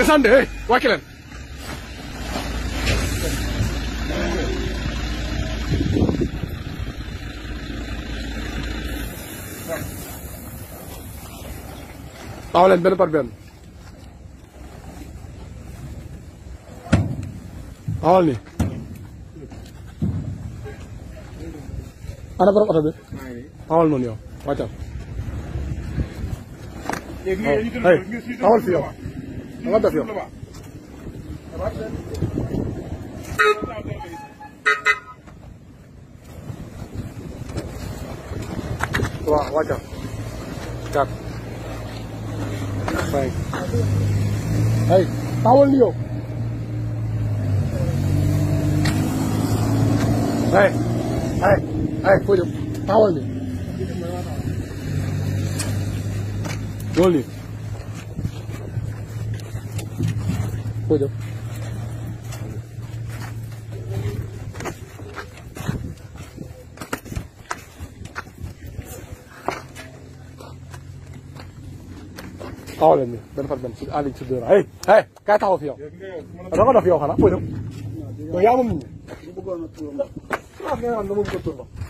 descendez eh, oh, hey wàcc leen taxaw leen benn par benn taxawal ni ana borom oto bi taxawal noonu yow wàccal taxawal fi yow da nga def yow. waaw wàccal. quatre. cinq. ay taxawal ni yow. ay ay ay foo jëm taxawal ni. loolu પૂજો طاوله مني بنفر بنفر قال تدور هاي هاي قاعد تعوف يوم رغد في يوم هلا قولوا ويا مني ما في عندهم مو بالطلبه